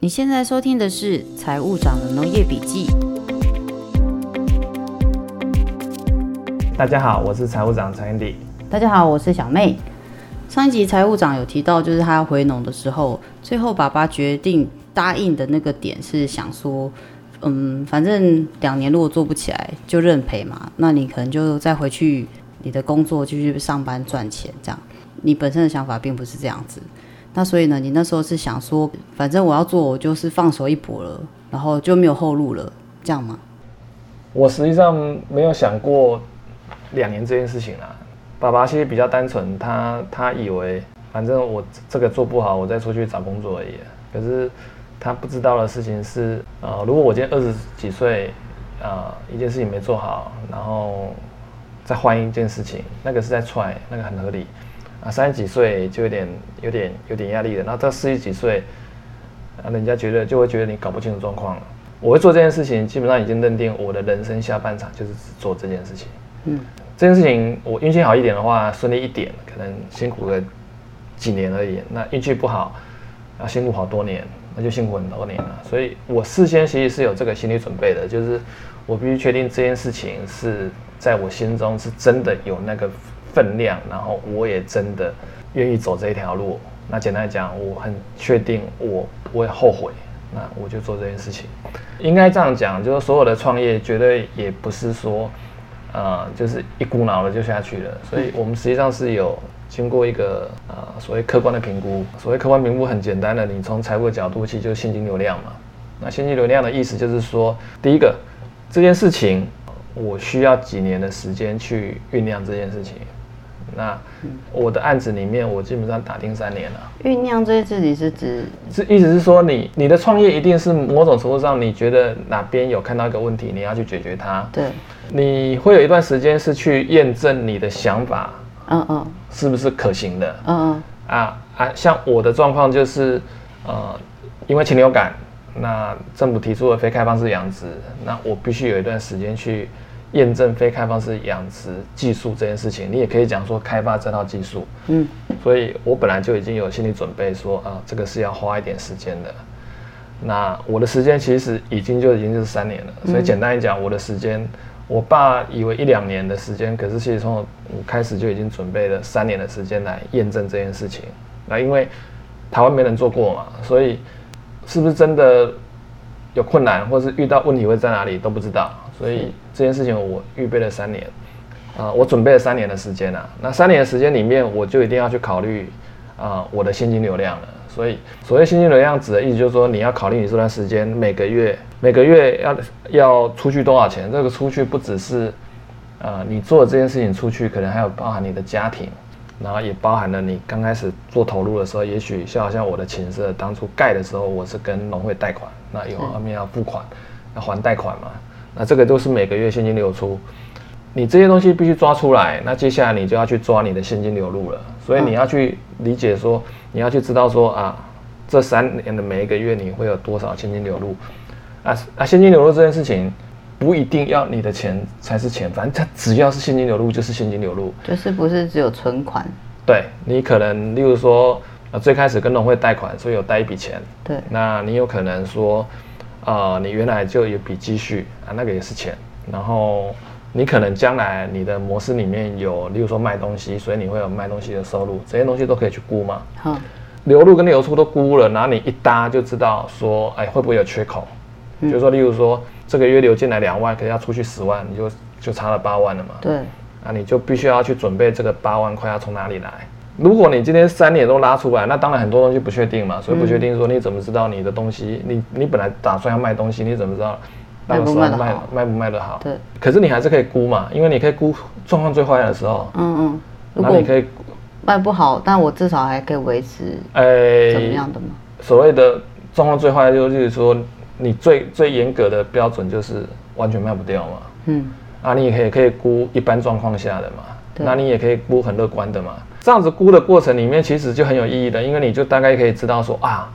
你現在收聽的是《財務長的農業筆記》。大家好，我是財務長 Cindy。大家好，我是小妹。上一集財務長有提到，就是他要回農的時候，最後爸爸決定答應的那個點是想說，嗯，反正兩年如果做不起來，就認賠嘛。那你可能就再回去你的工作繼續上班賺錢，這樣你本身的想法並不是這樣子。那所以呢？你那時候是想說，反正我要做，我就是放手一搏了，然後就沒有後路了，這樣嗎？我實際上沒有想過兩年這件事情啦。爸爸其實比較單純，他他以為反正我這個做不好，我再出去找工作而已。可是他不知道的事情是，呃，如果我今天二十幾歲，呃，一件事情沒做好，然後再換一件事情，那個是在 try，那個很合理。啊，三十幾歲就有點、有點、有點壓力了。那到四十幾歲，啊，人家覺得就會覺得你搞不清楚狀況了。我會做這件事情，基本上已經認定我的人生下半場就是只做這件事情。嗯，這件事情我運氣好一點的話，順利一點，可能辛苦個幾年而已。那運氣不好，要辛苦好多年，那就辛苦很多年了。所以我事先其實是有這個心理準備的，就是我必須確定這件事情是在我心中是真的有那個。分量，然後我也真的願意走這一條路。那簡單講，我很確定我不會後悔，那我就做這件事情。應該這樣講，就是所有的創業絕對也不是說，呃，就是一股腦的就下去了。所以我們實際上是有經過一個啊、呃、所謂客觀的評估。所謂客觀評估很簡單的，你從財務的角度去就現金流量嘛。那現金流量的意思就是說，第一個這件事情我需要幾年的時間去醞釀這件事情。那我的案子裡面，我基本上打聽三年了。醞釀這些字，你是指，是意思是說你，你你的創業一定是某種程度上，你覺得哪邊有看到一個問題，你要去解決它。對，你會有一段時間是去驗證你的想法，嗯嗯，是不是可行的啊？嗯嗯啊啊，像我的狀況就是，呃，因為禽流感，那政府提出了非開放式養殖，那我必須有一段時間去。驗證非開放式養殖技術這件事情，你也可以講說開發這套技術，嗯，所以我本來就已經有心理準備說啊，這個是要花一點時間的。那我的時間其實已經就已經是三年了，嗯，所以簡單一講，我的時間，我爸以為一兩年的時間，可是其實從我開始就已經準備了三年的時間來驗證這件事情。那因為台灣沒人做過嘛，所以是不是真的有困難，或是遇到問題會在哪裡都不知道。所以這件事情我預備了三年，啊，我準備了三年的時間吶。那三年的時間裡面，我就一定要去考慮啊、呃、我的現金流量了。所以所謂現金流量指的意思就是說，你要考慮你這段時間每個月每個月要要出去多少錢。這個出去不只是啊、呃、你做的這件事情出去，可能還有包含你的家庭，然後也包含了你剛開始做投入的時候，也許就好像我的禽舍當初蓋的時候，我是跟農會貸款，那以後後面要付款，要還貸款嘛。那這個都是每個月現金流出，你這些東西必須抓出來。那接下來你就要去抓你的現金流入了。所以你要去理解說，你要去知道說啊，這三年的每一個月你會有多少現金流入？啊，現金流入這件事情不一定要你的錢才是錢，反正它只要是現金流入就是現金流入。就是不是只有存款？對，你可能例如說啊，最開始跟農會貸款，所以有貸一筆錢。對，那你有可能說。呃，你原來就有筆積蓄啊，那個也是錢。然後你可能將來你的模式裡面有，例如說賣東西，所以你會有賣東西的收入，這些東西都可以去估嘛。好、嗯，流入跟流出都估了，然後你一搭就知道說，哎，會不會有缺口？就是、嗯、說，例如說這個月流進來兩萬，可能要出去十萬，你就就差了八萬了嘛。對，啊，你就必須要去準備這個八萬塊要從哪裡來？如果你今天三年都拉出來，那當然很多東西不確定嘛，所以不確定說你怎麼知道你的東西，你你本來打算要賣東西，你怎麼知道賣，賣不賣得好？賣不賣得好？對。可是你還是可以估嘛，因為你可以估狀況最壞的時候。嗯嗯。那你可以估賣不好，但我至少還可以維持。哎。怎麼樣的嘛、欸、所謂的狀況最壞，就是說你最最嚴格的標準就是完全賣不掉嘛。嗯。啊，你也可以可以估一般狀況下的嘛。那你也可以估很樂觀的嘛，這樣子估的過程裡面其實就很有意義的，因為你就大概可以知道說啊，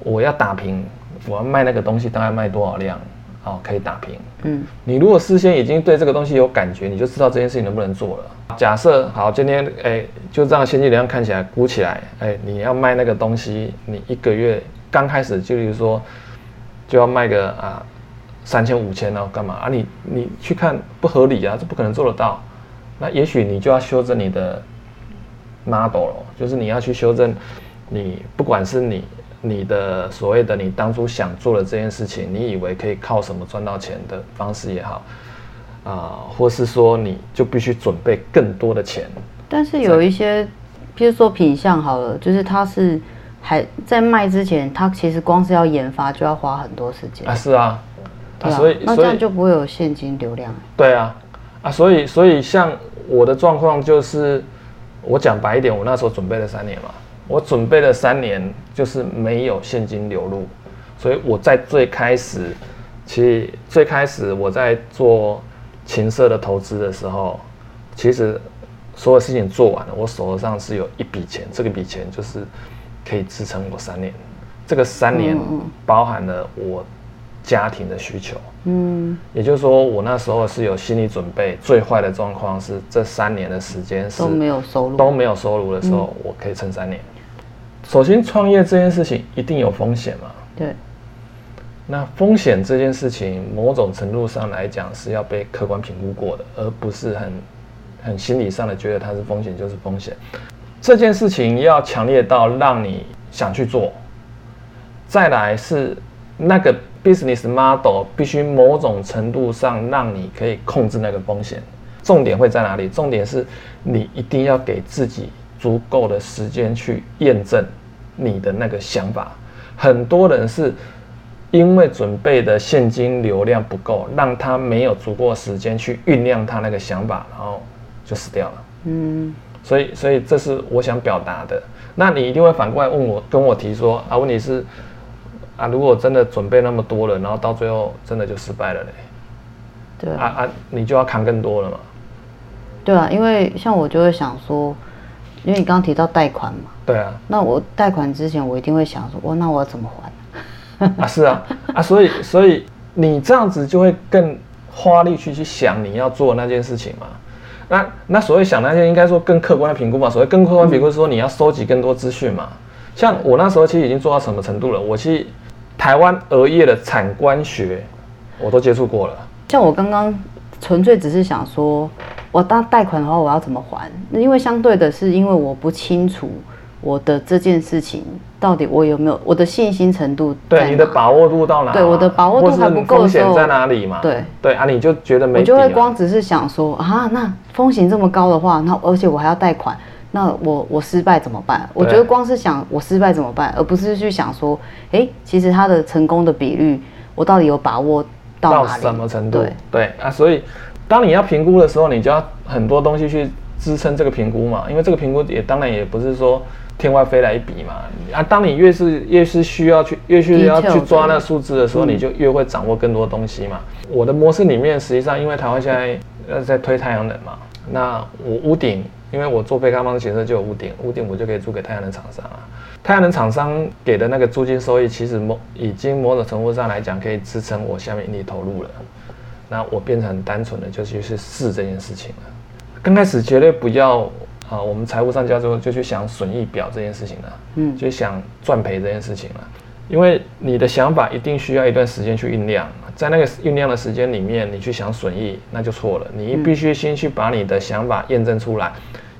我要打平，我要賣那個東西大概賣多少量，哦可以打平，嗯，你如果事先已經對這個東西有感覺，你就知道這件事情能不能做了。假設好，今天哎、欸、就這樣，現金流量看起來估起來、欸，哎你要賣那個東西，你一個月剛開始就比如說就要賣個啊三千五千然後幹嘛啊？你你去看不合理啊，這不可能做得到。那也許你就要修正你的 model 了，就是你要去修正你，不管是你你的所謂的你當初想做的這件事情，你以為可以靠什麼賺到錢的方式也好，啊、呃，或是說你就必須準備更多的錢。但是有一些，比在如說品相好了，就是它是還在賣之前，它其實光是要研發就要花很多時間。啊，是啊，啊啊所以那這樣就不會有現金流量、欸。對啊。啊，所以所以像我的狀況就是，我講白一點，我那時候準備了三年嘛，我準備了三年就是沒有現金流入，所以我在最開始，其實最開始我在做禽舍的投資的時候，其實所有事情做完了，我手頭上是有一筆錢，這個筆錢就是可以支撐我三年，這個三年包含了我家庭的需求。嗯，也就是說，我那時候是有心理準備，最壞的狀況是這三年的時間是沒有收入，都沒有收入的時候，我可以撐三年。首先，創業這件事情一定有風險嘛？對。那風險這件事情，某種程度上來講是要被客觀評估過的，而不是很很心理上的覺得它是風險就是風險。這件事情要強烈到讓你想去做，再來是那個。business model 必須某種程度上讓你可以控制那個風險，重點會在哪裡？重點是你一定要給自己足夠的時間去驗證你的那個想法。很多人是因為準備的現金流量不夠，讓他沒有足夠時間去醞釀他那個想法，然後就死掉了。嗯，所以，所以這是我想表達的。那你一定會反過來問我，跟我提說啊，問題是？啊，如果真的準備那麼多了，然後到最後真的就失敗了嘞？對啊啊，啊，你就要扛更多了嘛，對啊，因為像我就會想說，因為你剛，剛提到貸款嘛，對啊，那我貸款之前我一定會想說，我那我要怎麼還啊？ 啊是啊啊，所以所以你這樣子就會更花力去去想你要做的那件事情嘛，那那所謂想那些應該說更客觀的評估嘛，所謂更客觀的評估是說你要收集更多資訊嘛，嗯、像我那時候其實已經做到什麼程度了，嗯、我其實。台灣鵝業的產官學，我都接觸過了。像我剛剛純粹只是想說，我當貸款的話，我要怎麼還？因為相對的是，因為我不清楚我的這件事情到底我有沒有我的信心程度。對你的把握度到哪？對我的把握度還不夠或是風險在哪裡嘛？對對啊，你就覺得沒底、啊。我就會光只是想說啊，那風險這麼高的話，那而且我還要貸款。那我我失敗怎麼辦？我覺得光是想我失敗怎麼辦，對，而不是去想說，欸，其實它的成功的比率，我到底有把握到哪裡？到什麼程度？對，對，啊。所以當你要評估的時候，你就要很多東西去支撐這個評估嘛。因為這個評估也當然也不是說天外飛來一筆嘛。啊，當你越是越是需要去，越是要去抓那數字的時候，Det ail 你就越會掌握更多東西嘛。嗯，我的模式裡面，實際上因為台灣現在呃在推太陽能嘛，那我屋頂。因為我做非開放式的形式，就有屋頂，屋頂我就可以租給太陽能廠商啊。太陽能廠商給的那個租金收益，其實某已經某種程度上來講，可以支撐我下面盈利投入了。那我變成單純的就是去試這件事情了。剛開始絕對不要啊，我們財務上交之後就去想損益表這件事情了，嗯，就想賺賠這件事情了。因為你的想法一定需要一段時間去醞釀。在那個醞釀的時間裡面，你去想損益，那就錯了。你必須先去把你的想法驗證出來，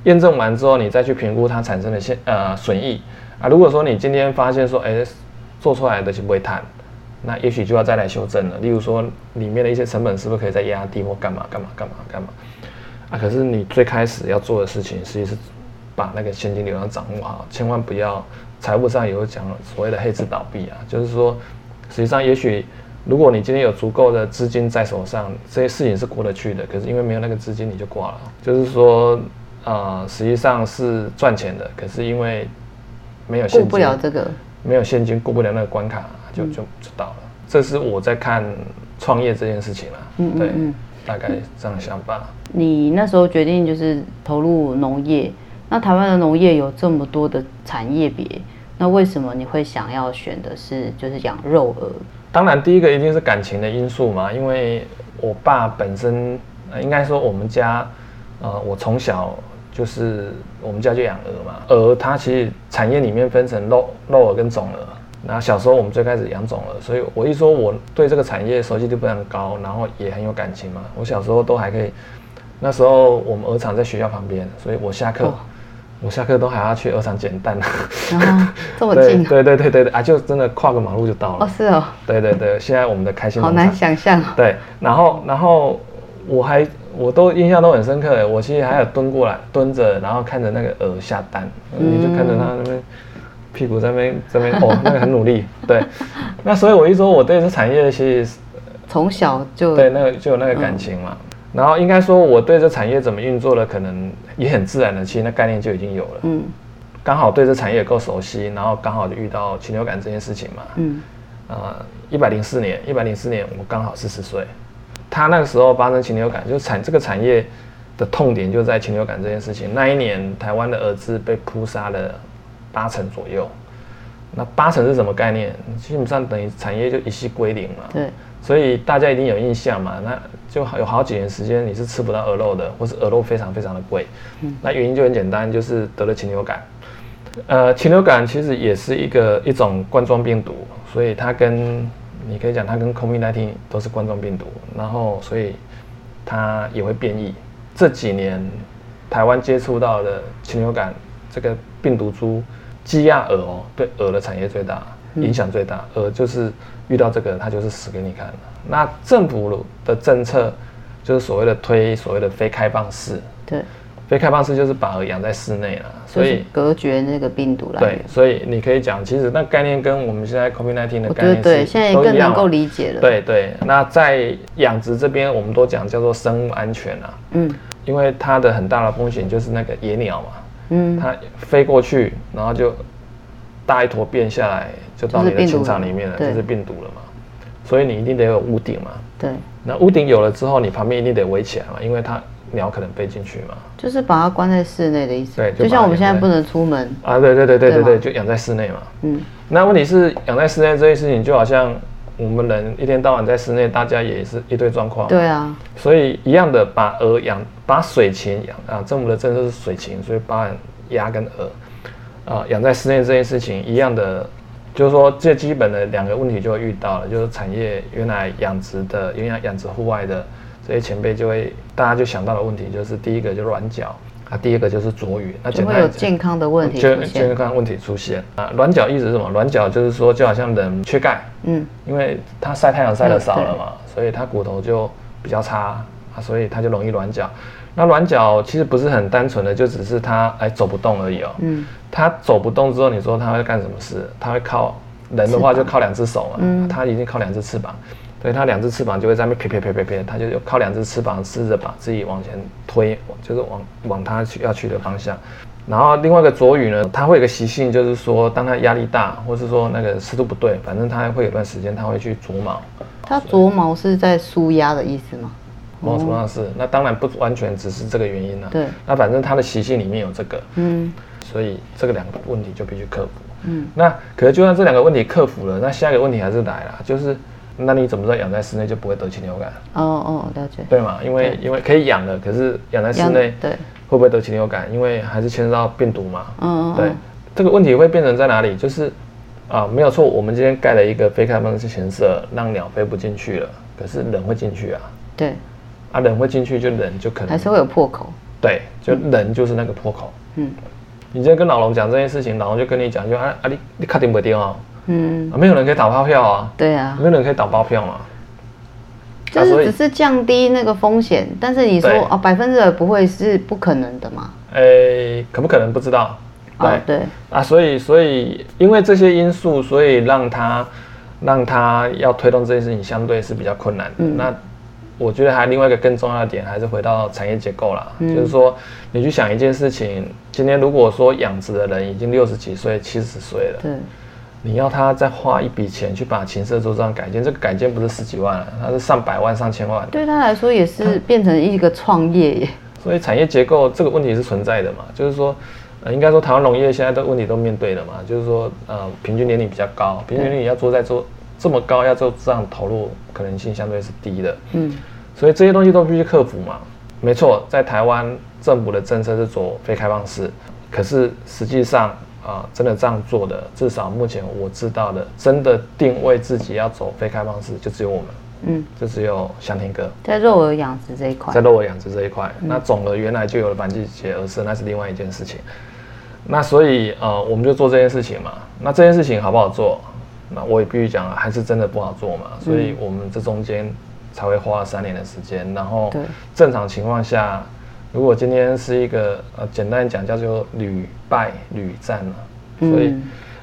驗、嗯、證完之後，你再去評估它產生的現呃損益啊。如果說你今天發現說，哎、欸，做出來的是不會談，那也許就要再來修正了。例如說，裡面的一些成本是不是可以再壓低或幹嘛幹嘛幹嘛幹嘛啊？可是你最開始要做的事情，實際是把那個現金流量掌握好，千萬不要財務上也有講所謂的黑字倒閉啊，就是說，實際上也許。如果你今天有足夠的資金在手上，這些事情是過得去的。可是因為沒有那個資金，你就掛了。就是說，啊、呃，實際上是賺錢的，可是因為沒有現金，過不了這個，沒有現金過不了那個關卡，就、嗯、就就倒了。這是我在看創業這件事情了、啊。嗯嗯，對，嗯、大概這樣想吧。你那時候決定就是投入農業，那台灣的農業有這麼多的產業別。那為什麼你會想要選的是就是養肉鵝？當然，第一個一定是感情的因素嘛。因為我爸本身應該說我們家，呃，我從小就是我們家就養鵝嘛。鵝它其實產業裡面分成肉肉鵝跟種鵝。那小時候我們最開始養種鵝，所以我一說我對這個產業熟悉度非常高，然後也很有感情嘛。我小時候都還可以，那時候我們鵝場在學校旁邊，所以我下課。哦我下課都還要去鵝場撿蛋呢，啊，這麼近、啊？ 對對對對對啊，就真的跨個馬路就到了。哦，是哦。對對對，現在我們的開心農場好難想象、哦。對，然後然後我還我都印象都很深刻，我其實還有蹲過來蹲着，然後看着那個鵝下蛋，嗯、你就看着它那邊屁股在那邊在那邊，哦、喔，那個很努力。 對，那所以我一說我對這產業其實從小就對那個就有那個感情嘛。嗯然後應該說我對這產業怎麼運作了，可能也很自然的，其實那概念就已經有了。嗯，剛好對這產業也夠熟悉，然後剛好就遇到禽流感這件事情嘛。嗯，啊、呃，一百零四年，一百零四年我剛好四十歲，他那個時候發生禽流感，就是產這個產業的痛點就在禽流感這件事情。那一年台灣的鵝子被撲殺了八成左右，那八成是什麼概念？基本上等於產業就一夕歸零了。對。所以大家一定有印象嘛？那就有好幾年時間，你是吃不到鵝肉的，或是鵝肉非常非常的貴。嗯，那原因就很簡單，就是得了禽流感。呃，禽流感其實也是一個一種冠狀病毒，所以它跟你可以講它跟 COVID-19 都是冠狀病毒，然後所以它也會變異。這幾年台灣接觸到的禽流感這個病毒株，雞鴨鵝哦，對鵝的產業最大，影響最大，而就是遇到這個，他就是死給你看。那政府的政策就是所謂的推所謂的非開放式，對，非開放式就是把鵝養在室內了，所以，所以隔絕那個病毒了。對，所以你可以講，其實那概念跟我們現在 COVID-19 的概念是，對對，現在也更能夠理解了。對，對對，那在養殖這邊，我們都講叫做生物安全啊，嗯，因為它的很大的風險就是那個野鳥嘛，嗯，它飛過去，然後就。大一坨便下來就到你的禽場裡面了，就是，了就是病毒了嘛。對所以你一定得有屋頂嘛。對。那屋頂有了之後，你旁邊一定得圍起來嘛，因為它鳥可能飛進去嘛。就是把它關在室內的意思。對。就，就像我們現在不能出門啊，對對對對對對，對嗎就養在室內嘛。嗯。那問題是養在室內這件事情，就好像我們人一天到晚在室內，大家也是一堆狀況。對啊。所以一樣的，把鵝養，把水禽養啊，政府的政策是水禽，所以把鴨跟鵝。啊，養在室內這件事情一樣的，是就是說最基本的兩個問題就會遇到了，就是產業原來養殖的、原來養殖戶外的這些前輩就會，大家就想到的問題，就是第一個就是軟腳啊，第二個就是啄羽，那就會有健康的問題，健康問題出現啊。軟腳意思是什麼？軟腳就是說就好像人缺鈣，嗯，因為他晒太陽晒得少了嘛，嗯、所以他骨頭就比較差啊，所以他就容易軟腳。那軟腳其實不是很單純的，就只是他哎走不動而已哦。嗯。他走不動之後，你說他會幹什麼事？他會靠人的話就靠兩隻手嘛翅膀，嗯、他它已經靠兩隻翅膀，所以他兩隻翅膀就會在那邊啪撇撇撇撇。他就靠兩隻翅膀試着把自己往前推，就是往往他去要去的方向。然後另外一個啄羽呢，它會有個習性，就是說當它壓力大，或是說那個濕度不對，反正它會有段時間它會去啄毛。它啄毛是在舒壓的意思嗎？啄、哦、毛是，那當然不完全只是這個原因了、啊。對，那反正它的習性裡面有這個。嗯。所以這個兩個問題就必須克服，嗯那。嗯，那可是，就算這兩個問題克服了，那下一個問題還是來了，就是那你怎麼知道養在室內就不會得禽流感？哦哦，了解。對嘛？因為對因為可以養的，可是養在室內，對，會不會得禽流感？因為還是牽涉到病毒嘛。嗯嗯、哦哦哦。對，這個問題會變成在哪裡？就是啊，沒有錯，我們今天蓋了一個非開放式禽舍，讓鳥飛不進去了，可是人會進去啊。對。啊，人會進去，就人就可能還是會有破口。對，就人就是那個破口。嗯。嗯你今天跟老龍講這件事情，老龍就跟你講，就啊啊，你你確定不定、嗯、啊？嗯，沒有人可以打包票啊。對啊，沒有人可以打包票嘛。就是、啊、只是降低那個風險，但是你說啊對、哦，百分之二不會是不可能的嘛？誒、欸，可不可能不知道。對、哦、對啊，所以所以因為這些因素，所以讓他讓他要推動這件事情，相對是比較困難的。嗯、那。我覺得還另外一個更重要的點，還是回到產業結構啦。嗯、就是說，你去想一件事情，今天如果說，養殖的人已經六十幾歲、七十歲了，對 你要他再花一筆錢去把禽舍做這樣改建，這個改建不是十幾萬了、啊，他是上百萬、上千萬、啊。對他來說也是變成一個創業耶。嗯、所以產業結構這個問題是存在的嘛。就是說，呃，應該說，台灣農業現在的問題都面對了嘛。就是說，呃，平均年齡比較高，平均年齡要做再做這麼高，要做這樣投入可能性相對是低的，嗯，所以這些東西都必須克服嘛。沒錯，在台灣政府的政策是走非開放式，可是實際上啊、呃，真的這樣做的，至少目前我知道的，真的定位自己要走非開放式就只有我們，嗯，就只有香庭哥在肉鵝養殖這一塊，在肉鵝養殖這一塊，那總的原來就有了反季節，而是那是另外一件事情。那所以啊、呃，我們就做這件事情嘛。那這件事情好不好做？那我也必須講，還是真的不好做嘛，嗯、所以我們這中間才會花了三年的時間。然後正常情況下，對如果今天是一個呃，簡單講叫做屢敗屢戰嘛，嗯、所以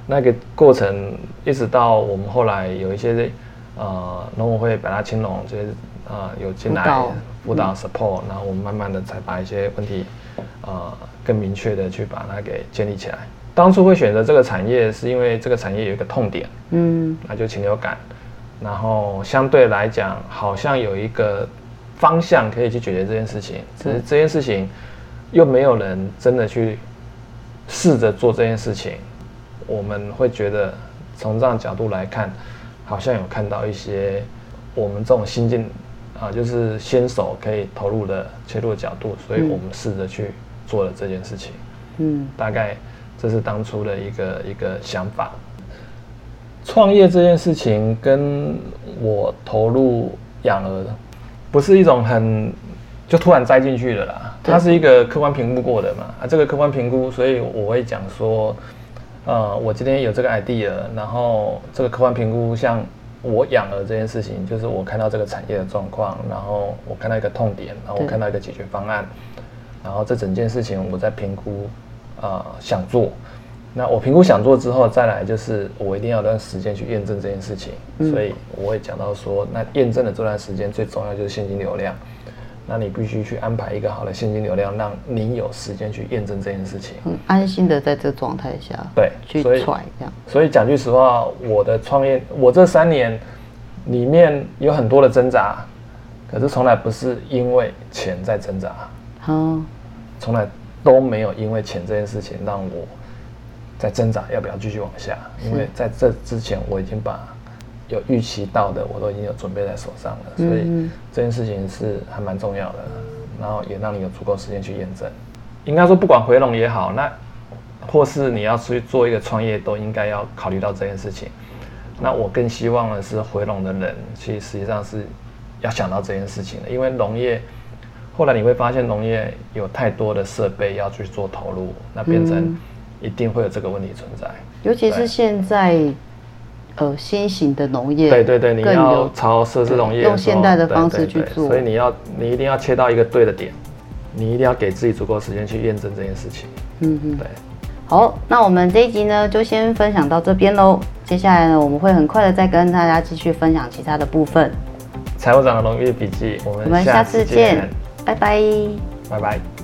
那個過程一直到我們後來有一些呃農委會把、把它青農這些呃有進來輔導、輔導、嗯、support，然後我們慢慢的才把一些問題呃更明確的去把它給建立起來。當初會選擇這個產業，是因為這個產業有一個痛點，嗯，那就禽流感，然後相對來講好像有一個方向可以去解決這件事情，只是這件事情又沒有人真的去試着做這件事情，我們會覺得從這樣角度來看，好像有看到一些我們這種新進啊，就是新手可以投入的切入的角度，所以我們試着去做了這件事情，嗯，大概。這是當初的一個一個想法。創業這件事情跟我投入養鵝，不是一種很就突然栽進去的啦。它是一個客觀評估過的嘛啊，這個客觀評估，所以我會講說，呃，我今天有這個 idea，然後這個客觀評估，像我養鵝這件事情，就是我看到這個產業的狀況，然後我看到一個痛點，然後我看到一個解決方案，然後這整件事情我在評估。呃，想做，那我評估想做之後，再來就是我一定要一段時間去驗證這件事情，嗯、所以我會講到說，那驗證的這段時間最重要就是現金流量，那你必須去安排一個好的現金流量，讓你有時間去驗證這件事情，很安心的在這狀態下，對，對去揣以這樣，所以講句實話，我的創業，我這三年裡面有很多的掙扎，可是從來不是因為錢在掙扎，好、嗯，從來。都沒有因為錢這件事情讓我在掙扎要不要繼續往下，因為在這之前我已經把有預期到的我都已經有準備在手上了，所以這件事情是還蠻重要的，然後也讓你有足夠時間去驗證。應該說不管回農也好，那或是你要出去做一個創業，都應該要考慮到這件事情。那我更希望的是回農的人其實實際上是要想到這件事情的，因為農業。後來你會發現，農業有太多的設備要去做投入，那變成一定會有這個問題存在。嗯、尤其是現在，對呃，新型的農業，對對對，你要朝設施農業、嗯，用現代的方式去做，對對對，所以你要你一定要切到一個對的點，嗯、你一定要給自己足夠時間去驗證這件事情。嗯嗯，哼，對。好，那我們這一集呢，就先分享到這邊嘍。接下來呢，我們會很快的再跟大家繼續分享其他的部分。財務長的農業筆記，我們我們下次見。拜拜。拜拜。